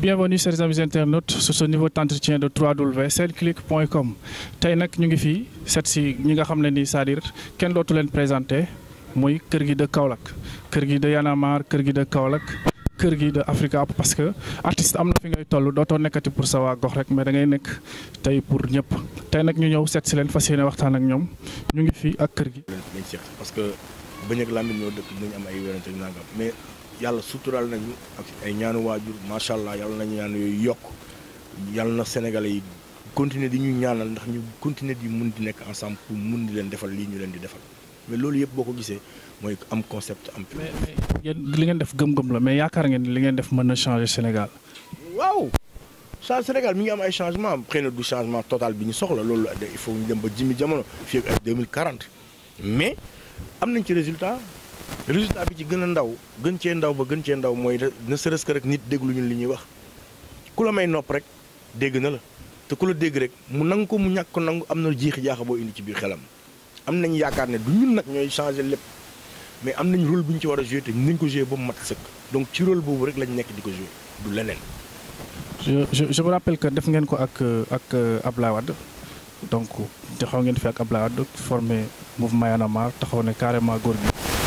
bienvenue chers amis internautes sur ce nouveau entretien de 3W senclic.com tey nag ñu ngi fii set si ñi nga xam ne ni cest à kenn dootu leen présenté mooy kër gi de Kaolack kër gi de Y'en a marre kër gi de Kaolack kër gi de Africa parce que artiste am na fi ngay toll dootoo nekkati pour sa waa gox rek mais da ngay nekk tey pour ñëpp tey nag ñu ñëw seet si leen fa yéene waxtaan ak ñoom ñu ngi fii ak kër gi. parce que bañ ak làmmiñ ñoo dëkk dinañ am ay wérante nangam mais yàlla suturaal na ak ay ñaanu waajur macha allah yàlla nañu ñaan yooyu yokk yàlla na sénégal yi continuer di ñu ñaanal ndax ñu continuer di mun di nekk ensemble pour mun di leen defal lii ñu leen di defal mais loolu yëpp boo ko gisee mooy am concept am. li ngeen def gëm-gëm la mais yaakaar ngeen li ngeen def mën na changer Sénégal. waaw sa Sénégal mi ngi am ay changement xëy na du changement total bi ñu soxla loolu il faut ñu dem ba jimi jamono fii ak mais am nañ ci résultat. résultat bi ci gën a ndaw gën cee ndaw ba gën cee ndaw mooy ne serait-ce rek nit déglu ñu li ñuy wax ku la may nopp rek dégg na la te ku la dégg rek mu nangu ko mu ñàkk ko nangu am na jiixi jaaxa boo indi ci biir xelam am nañ yaakaar ne du ñun nag ñooy changé lépp mais am nañ rôle bu ñu ci war a joué te nañ ko joué ba mu mat sëkk donc ci rôle boobu rek lañ nekk di ko joué du leneen. je je je me rappelle def ngeen ko ak ak euh, Ablaye Wade donc taxaw ngeen fi ak Ablaye Wade formé mouvement Y'en a marre taxaw ne carrément góor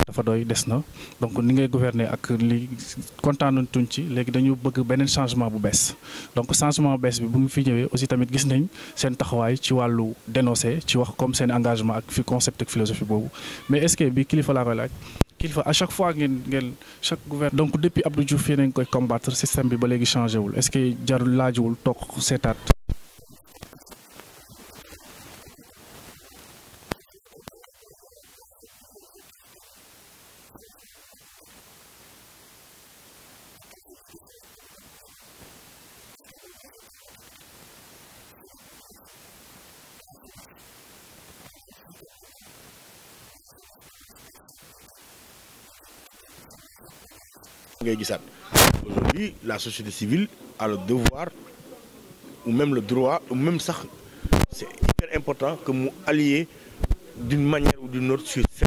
dafa doy des na donc ni ngay gouverner ak li kontaanatuñ ci léegi dañu bëgg beneen changement bu bees donc changement bu bees bi bu ngi fi ñëwee aussi tamit gis nañ seen taxawaay ci wàllu dénoncer ci wax comme seen engagement ak fi concept ak philosophie boobu mais est bi kilifa laa koy laaj kilifa à chaque fois ngeen ngeen chaque gouvernement donc depuis Abdou Diouf yéen a ngi koy combattre système bi ba léegi changé wul est-ce que jarul laajiwul toog seetaat ngay gisaat aujourd'hui la société civile a le devoir ou même le droit ou même sax c'est hyper important que mu allier d'une manière ou d'une autre sur